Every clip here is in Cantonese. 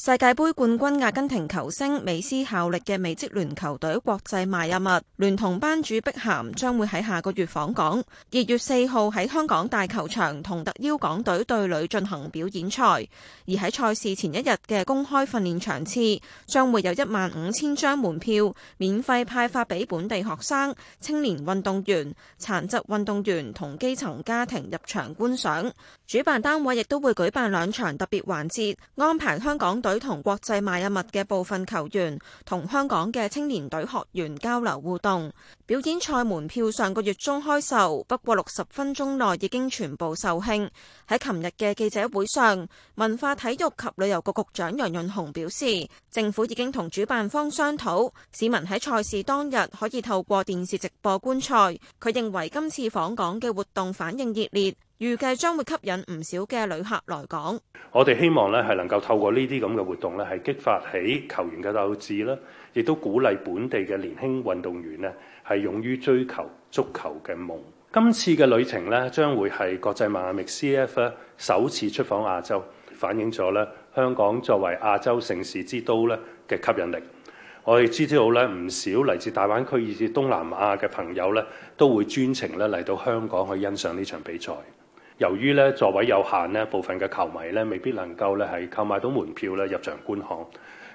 世界杯冠軍阿根廷球星美斯效力嘅美職聯球隊國際邁阿密，聯同班主碧咸將會喺下個月訪港。二月四號喺香港大球場同特邀港隊對壘進行表演賽，而喺賽事前一日嘅公開訓練場次，將會有一萬五千張門票免費派發俾本地學生、青年運動員、殘疾運動員同基層家庭入場觀賞。主辦單位亦都會舉辦兩場特別環節，安排香港隊同國際邁阿密嘅部分球員同香港嘅青年隊學員交流互動。表演賽門票上個月中開售，不過六十分鐘內已經全部售罄。喺琴日嘅記者會上，文化體育及旅遊局局長楊潤雄表示，政府已經同主辦方商討，市民喺賽事當日可以透過電視直播觀賽。佢認為今次訪港嘅活動反應熱烈。預計將會吸引唔少嘅旅客來港。我哋希望咧係能夠透過呢啲咁嘅活動咧，係激發起球員嘅鬥志啦，亦都鼓勵本地嘅年輕運動員呢係勇於追求足球嘅夢。今次嘅旅程咧，將會係國際邁阿密 CFA 首次出訪亞洲，反映咗咧香港作為亞洲盛事之都咧嘅吸引力。我哋知道咧唔少嚟自大灣區以至東南亞嘅朋友咧，都會專程咧嚟到香港去欣賞呢場比賽。由於咧座位有限咧，部分嘅球迷咧未必能夠咧係購買到門票咧入場觀看，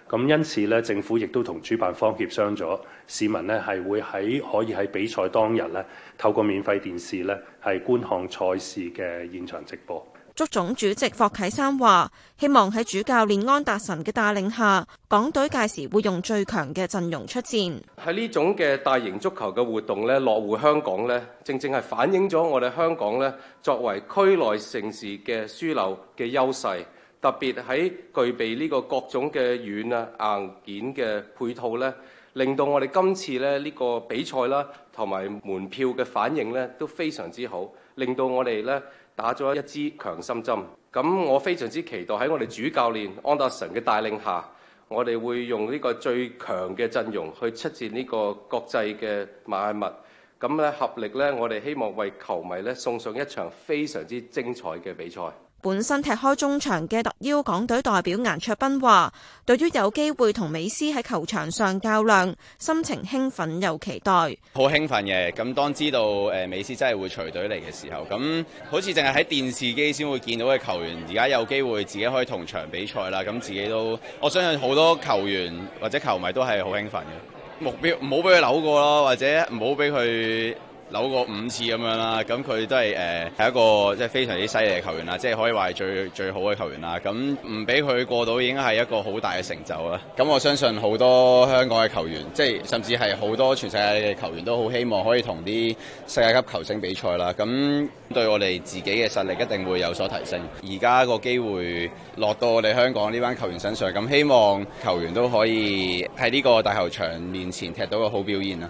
咁因此咧政府亦都同主辦方協商咗，市民咧係會喺可以喺比賽當日咧透過免費電視咧係觀看賽事嘅現場直播。足總主席霍啟山話，希望喺主教練安達臣嘅帶領下，港隊屆時會用最強嘅陣容出戰。喺呢種嘅大型足球嘅活動咧，落戶香港咧，正正係反映咗我哋香港咧作為區內城市嘅樞紐嘅優勢，特別喺具備呢個各種嘅軟啊硬件嘅配套咧，令到我哋今次咧呢、呢個比賽啦，同埋門票嘅反應咧都非常之好，令到我哋咧。打咗一支強心針，咁我非常之期待喺我哋主教練安達臣嘅帶領下，我哋會用呢個最強嘅陣容去出戰呢個國際嘅邁阿密，咁合力呢，我哋希望為球迷送上一場非常之精彩嘅比賽。本身踢開中場嘅特邀港隊代表顏卓彬話，對於有機會同美斯喺球場上較量，心情興奮又期待。好興奮嘅，咁當知道誒美斯真係會隨隊嚟嘅時候，咁好似淨係喺電視機先會見到嘅球員，而家有機會自己可以同場比賽啦。咁自己都，我相信好多球員或者球迷都係好興奮嘅。目標唔好俾佢扭過咯，或者唔好俾佢，扭過五次咁樣啦，咁佢都係誒係一個即係非常之犀利嘅球員啦，即係可以話係最最好嘅球員啦。咁唔俾佢過到已經係一個好大嘅成就啦。咁我相信好多香港嘅球員，即係甚至係好多全世界嘅球員都好希望可以同啲世界級球星比賽啦。咁對我哋自己嘅實力一定會有所提升。而家個機會落到我哋香港呢班球員身上，咁希望球員都可以喺呢個大球場面前踢到個好表現啦。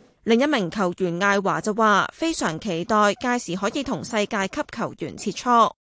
另一名球員艾華就話，非常期待屆時可以同世界級球員切磋。